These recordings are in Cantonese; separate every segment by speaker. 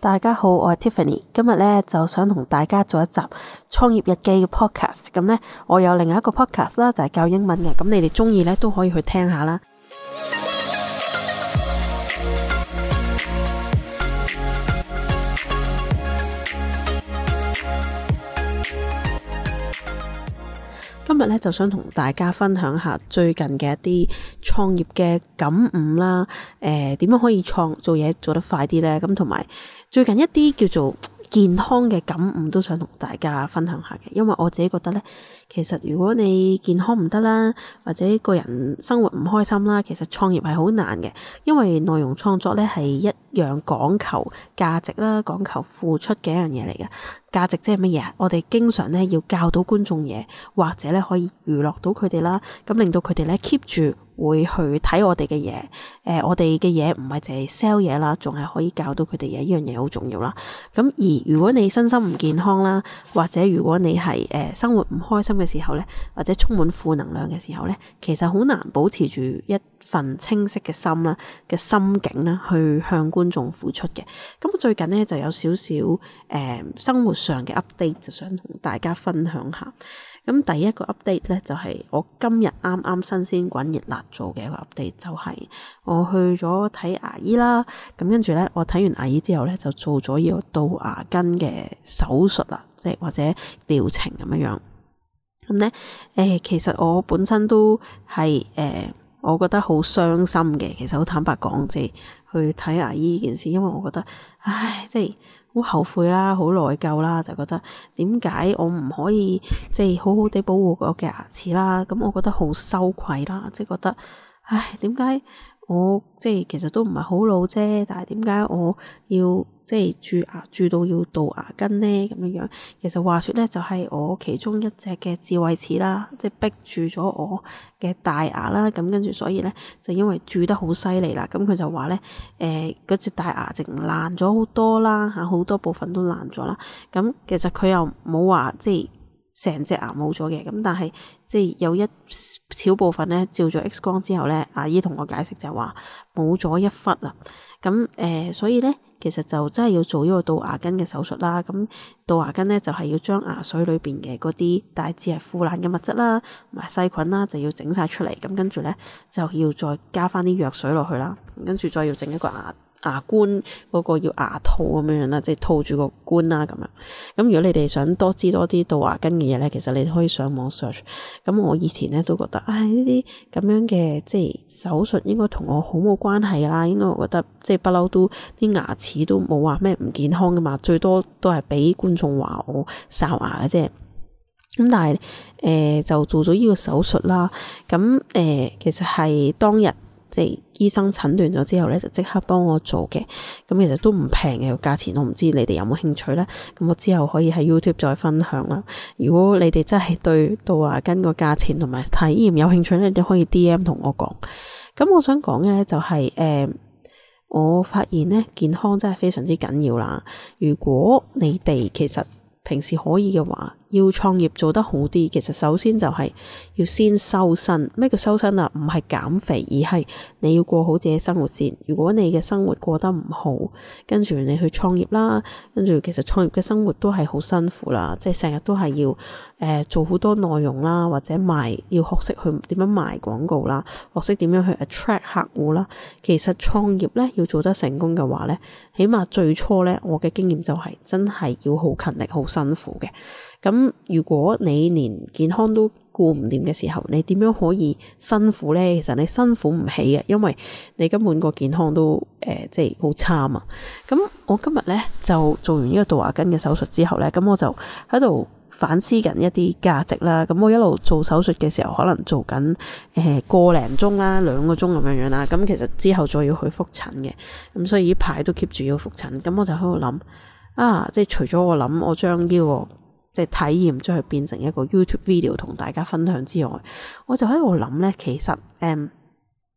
Speaker 1: 大家好，我係 Tiffany，今日呢，就想同大家做一集創業日記嘅 podcast，咁呢我有另外一個 podcast 啦，就係教英文嘅，咁你哋中意呢都可以去聽下啦。今日咧就想同大家分享下最近嘅一啲創業嘅感悟啦，誒、呃，點樣可以創做嘢做得快啲咧？咁同埋最近一啲叫做健康嘅感悟都想同大家分享下嘅，因為我自己覺得咧，其實如果你健康唔得啦，或者個人生活唔開心啦，其實創業係好難嘅，因為內容創作咧係一樣講求價值啦，講求付出嘅一樣嘢嚟嘅。價值即係乜嘢？我哋經常咧要教到觀眾嘢，或者咧可以娛樂到佢哋啦，咁令到佢哋咧 keep 住。會去睇我哋嘅嘢，誒、呃，我哋嘅嘢唔係淨係 sell 嘢啦，仲係可以教到佢哋嘢，呢樣嘢好重要啦。咁而如果你身心唔健康啦，或者如果你係誒生活唔開心嘅時候呢，或者充滿負能量嘅時候呢，其實好難保持住一份清晰嘅心啦嘅心境啦，去向觀眾付出嘅。咁、嗯、最近呢，就有少少誒生活上嘅 update，就想同大家分享下。咁第一個 update 咧，就係我今日啱啱新鮮滾熱辣做嘅一個 update，就係我去咗睇牙醫啦。咁跟住咧，我睇完牙醫之後咧，就做咗杜牙根嘅手術啦，即係或者療程咁樣樣。咁咧，誒，其實我本身都係誒，呃，我覺得好傷心嘅。其實好坦白講啫，去睇牙醫呢件事，因為我覺得，唉，即係。好後悔啦，好內疚啦，就覺得點解我唔可以即係好好地保護我嘅牙齒啦？咁我覺得好羞愧啦，即係覺得，唉，點解？我即係其實都唔係好老啫，但係點解我要即係蛀牙蛀到要杜牙根咧？咁樣樣其實話説咧，就係、是、我其中一隻嘅智慧齒啦，即係逼住咗我嘅大牙啦。咁跟住所以咧就因為蛀得好犀利啦，咁佢就話咧，誒，嗰隻大牙剩爛咗好多啦嚇，好多部分都爛咗啦。咁其實佢又冇話即係。成隻牙冇咗嘅，咁但係即係有一少部分咧照咗 X 光之後咧，阿姨同我解釋就係話冇咗一忽啊。咁誒、呃，所以咧其實就真係要做呢個杜牙根嘅手術啦。咁杜牙根咧就係、是、要將牙髓裏邊嘅嗰啲大致係腐爛嘅物質啦，同埋細菌啦，就要整晒出嚟。咁跟住咧就要再加翻啲藥水落去啦。跟住再要整一個牙。牙冠嗰個要牙套咁樣樣啦，即係套住個冠啦咁樣。咁如果你哋想多知多啲杜牙根嘅嘢咧，其實你可以上網 search。咁我以前咧都覺得，唉呢啲咁樣嘅即係手術應該同我好冇關係啦。應該我覺得即係不嬲都啲牙齒都冇話咩唔健康噶嘛，最多都係俾觀眾話我哨牙嘅啫。咁但係誒、呃、就做咗呢個手術啦。咁、嗯、誒、呃、其實係當日。即係醫生診斷咗之後咧，就即刻幫我做嘅。咁其實都唔平嘅個價錢，我唔知你哋有冇興趣咧。咁我之後可以喺 YouTube 再分享啦。如果你哋真係對杜牙根個價錢同埋體驗有興趣咧，你可以 DM 同我講。咁我想講嘅咧就係、是、誒、嗯，我發現咧健康真係非常之緊要啦。如果你哋其實平時可以嘅話。要創業做得好啲，其實首先就係要先修身。咩叫修身啊？唔係減肥，而係你要過好自己生活先。如果你嘅生活過得唔好，跟住你去創業啦，跟住其實創業嘅生活都係好辛苦啦，即係成日都係要誒、呃、做好多內容啦，或者賣，要學識去點樣賣廣告啦，學識點樣去 attract 客戶啦。其實創業呢，要做得成功嘅話呢，起碼最初呢，我嘅經驗就係真係要好勤力、好辛苦嘅。咁如果你連健康都顧唔掂嘅時候，你點樣可以辛苦咧？其實你辛苦唔起嘅，因為你根本個健康都誒、呃，即係好差啊。咁我今日咧就做完呢個杜牙、啊、根嘅手術之後咧，咁我就喺度反思緊一啲價值啦。咁我一路做手術嘅時候，可能做緊誒個零鐘啦，兩個鐘咁樣樣啦。咁其實之後再要去複診嘅，咁所以呢排都 keep 住要複診。咁我就喺度諗啊，即係除咗我諗，我將呢即係體驗，將佢變成一個 YouTube video 同大家分享之外，我就喺度諗咧，其實誒。嗯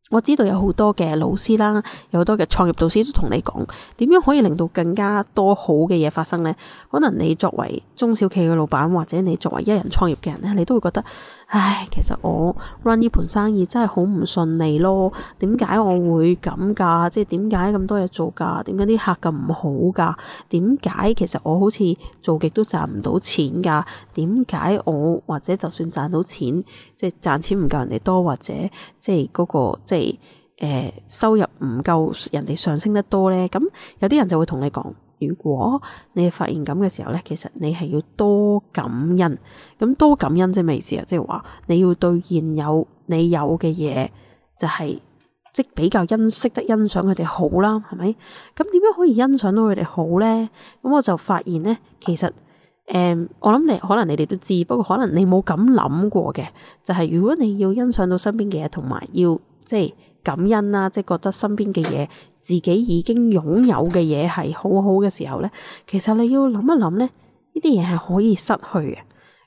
Speaker 1: 我知道有好多嘅老師啦，有好多嘅創業導師都同你講，點樣可以令到更加多好嘅嘢發生呢？可能你作為中小企嘅老闆，或者你作為一人創業嘅人呢，你都會覺得，唉，其實我 run 呢盤生意真係好唔順利咯。點解我會咁噶？即係點解咁多嘢做噶？點解啲客咁唔好噶？點解其實我好似做極都賺唔到錢噶？點解我或者就算賺到錢，即係賺錢唔夠人哋多，或者即係嗰個。誒、呃、收入唔夠人哋上升得多呢。咁有啲人就會同你講，如果你係發現咁嘅時候呢，其實你係要多感恩，咁多感恩即係咩意思啊，即係話你要對現有你有嘅嘢，就係、是、即比較欣識得欣賞佢哋好啦，係咪？咁點樣可以欣賞到佢哋好呢？咁我就發現呢，其實誒、呃，我諗你可能你哋都知，不過可能你冇咁諗過嘅，就係、是、如果你要欣賞到身邊嘅嘢，同埋要。即係感恩啦，即係覺得身邊嘅嘢，自己已經擁有嘅嘢係好好嘅時候呢，其實你要諗一諗呢，呢啲嘢係可以失去嘅。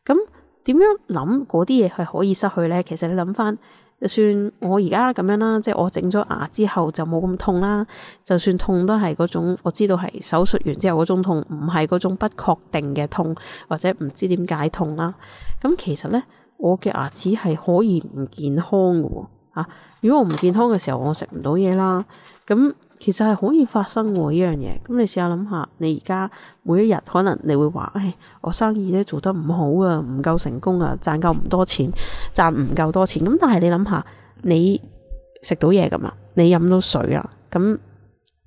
Speaker 1: 咁點樣諗嗰啲嘢係可以失去呢？其實你諗翻，就算我而家咁樣啦，即係我整咗牙之後就冇咁痛啦。就算痛都係嗰種我知道係手術完之後嗰種痛，唔係嗰種不確定嘅痛或者唔知點解痛啦。咁其實呢，我嘅牙齒係可以唔健康嘅。啊！如果我唔健康嘅時候，我食唔到嘢啦。咁其實係好易發生喎呢樣嘢。咁你試下諗下，你而家每一日可能你會話，唉，我生意咧做得唔好啊，唔夠成功啊，賺夠唔多錢，賺唔夠多錢。咁但係你諗下，你食到嘢噶嘛？你飲到水啦。咁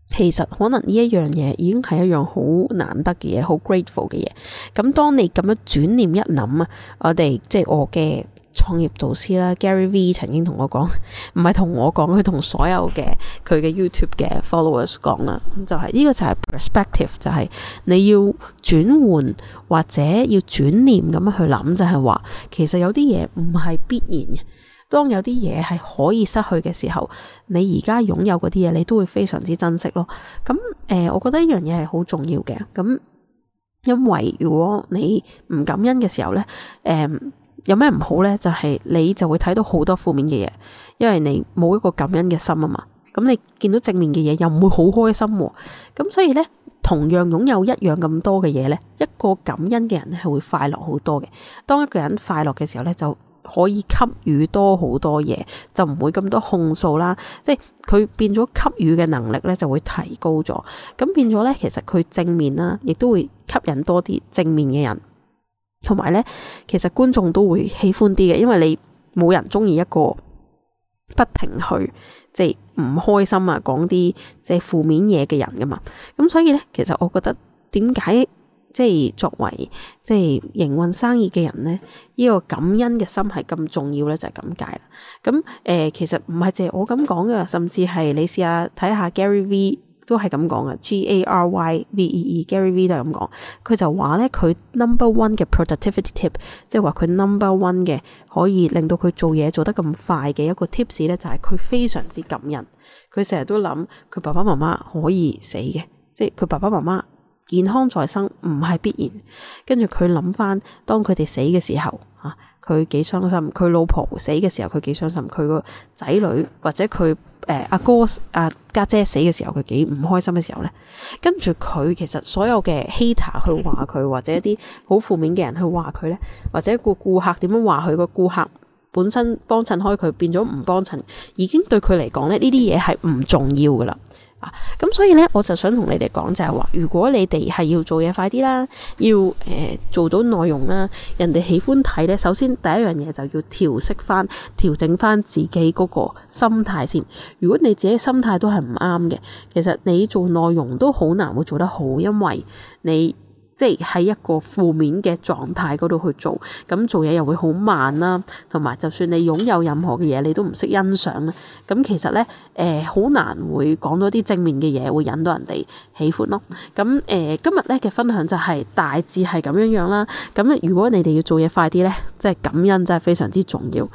Speaker 1: 其實可能呢一樣嘢已經係一樣好難得嘅嘢，好 grateful 嘅嘢。咁當你咁樣轉念一諗啊，我哋即係我嘅。創業導師啦，Gary V 曾經同我講，唔係同我講，佢同所有嘅佢嘅 YouTube 嘅 followers 講啦，就係呢個就係 perspective，就係你要轉換或者要轉念咁樣去諗，就係話其實有啲嘢唔係必然嘅。當有啲嘢係可以失去嘅時候，你而家擁有嗰啲嘢，你都會非常之珍惜咯。咁誒，我覺得呢樣嘢係好重要嘅。咁因為如果你唔感恩嘅時候呢，誒。有咩唔好呢？就係你就會睇到好多負面嘅嘢，因為你冇一個感恩嘅心啊嘛。咁你見到正面嘅嘢又唔會好開心喎。咁所以呢，同樣擁有一樣咁多嘅嘢呢，一個感恩嘅人呢係會快樂好多嘅。當一個人快樂嘅時候呢，就可以給予多好多嘢，就唔會咁多控訴啦。即係佢變咗給予嘅能力呢，就會提高咗。咁變咗呢，其實佢正面啦，亦都會吸引多啲正面嘅人。同埋咧，其實觀眾都會喜歡啲嘅，因為你冇人中意一個不停去即係唔開心啊，講啲即係負面嘢嘅人噶嘛。咁所以咧，其實我覺得點解即係作為即係營運生意嘅人咧，呢、呢個感恩嘅心係咁重要咧，就係咁解啦。咁誒、呃，其實唔係淨係我咁講噶，甚至係你試下睇下 Gary Vee。都係咁講嘅，Gary Vee Gary V 都係咁講。佢就話呢，佢 number one 嘅 productivity tip，即係話佢 number one 嘅可以令到佢做嘢做得咁快嘅一個 tips 呢，就係、是、佢非常之感恩。佢成日都諗佢爸爸媽媽可以死嘅，即係佢爸爸媽媽健康在生唔係必然。跟住佢諗翻當佢哋死嘅時候啊，佢幾傷心，佢老婆死嘅時候佢幾傷心，佢個仔女或者佢誒阿哥啊家姐、姐死嘅時候佢幾唔開心嘅時候呢。跟住佢其實所有嘅 hater 去話佢，或者一啲好負面嘅人去話佢呢，或者個顧客點樣話佢，個顧客本身幫襯開佢變咗唔幫襯，已經對佢嚟講呢，呢啲嘢係唔重要噶啦。啊，咁所以咧，我就想同你哋講就係、是、話，如果你哋係要做嘢快啲啦，要誒、呃、做到內容啦，人哋喜歡睇咧，首先第一樣嘢就要調適翻，調整翻自己嗰個心態先。如果你自己心態都係唔啱嘅，其實你做內容都好難會做得好，因為你。即係喺一個負面嘅狀態嗰度去做，咁做嘢又會好慢啦，同埋就算你擁有任何嘅嘢，你都唔識欣賞咧。咁其實咧，誒、呃、好難會講到啲正面嘅嘢，會引到人哋喜歡咯。咁誒、呃、今日咧嘅分享就係、是、大致係咁樣樣啦。咁如果你哋要做嘢快啲咧，即係感恩真係非常之重要。誒、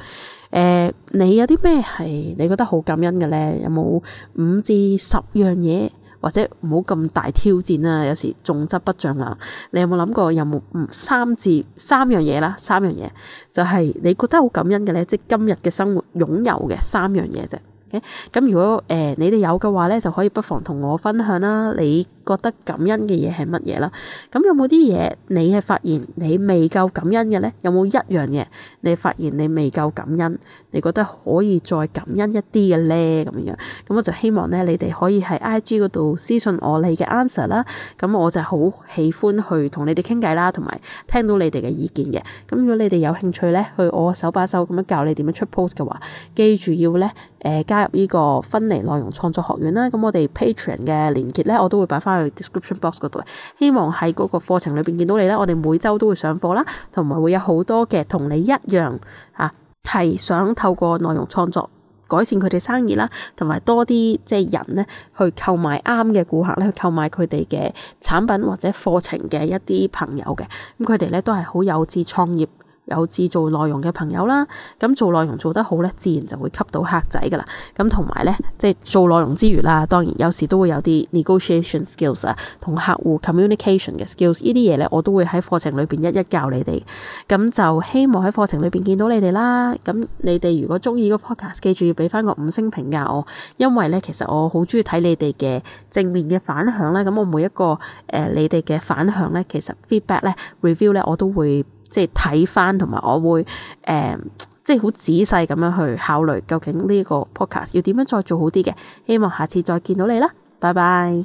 Speaker 1: 呃，你有啲咩係你覺得好感恩嘅咧？有冇五至十樣嘢？或者冇咁大挑戰啦，有時重質不漲啦。你有冇諗過？有冇三字三樣嘢啦？三樣嘢就係、是、你覺得好感恩嘅咧，即今日嘅生活擁有嘅三樣嘢啫。咁、okay? 如果誒、呃、你哋有嘅話咧，就可以不妨同我分享啦。你覺得感恩嘅嘢係乜嘢啦？咁有冇啲嘢你係發現你未夠感恩嘅呢？有冇一樣嘢你發現你未夠感恩？你覺得可以再感恩一啲嘅呢？咁樣咁我就希望呢，你哋可以喺 IG 嗰度私信我你嘅 answer 啦。咁我就好喜歡去同你哋傾偈啦，同埋聽到你哋嘅意見嘅。咁如果你哋有興趣呢，去我手把手咁樣教你點樣出 post 嘅話，記住要呢，誒、呃、加入呢個芬尼內容創作學院啦。咁我哋 Patreon 嘅連結呢，我都會擺翻，喺 description box 度，希望喺嗰個課程裏邊見到你咧，我哋每周都會上課啦，同埋會有好多嘅同你一樣啊，係想透過內容創作改善佢哋生意啦，同埋多啲即係人咧去購買啱嘅顧客咧去購買佢哋嘅產品或者課程嘅一啲朋友嘅，咁佢哋咧都係好有志創業。有志做內容嘅朋友啦，咁做內容做得好呢，自然就會吸到客仔噶啦。咁同埋呢，即係做內容之餘啦，當然有時都會有啲 negotiation skills 啊，同客戶 communication 嘅 skills，呢啲嘢呢，我都會喺課程裏邊一一教你哋。咁就希望喺課程裏邊見到你哋啦。咁你哋如果鍾意個 podcast，記住要畀翻個五星評價我，因為呢，其實我好鍾意睇你哋嘅正面嘅反響啦。咁我每一個誒、呃、你哋嘅反響呢，其實 feedback 呢、review 呢，我都會。即係睇翻，同埋我會誒、嗯，即係好仔細咁樣去考慮，究竟呢個 podcast 要點樣再做好啲嘅？希望下次再見到你啦，拜拜。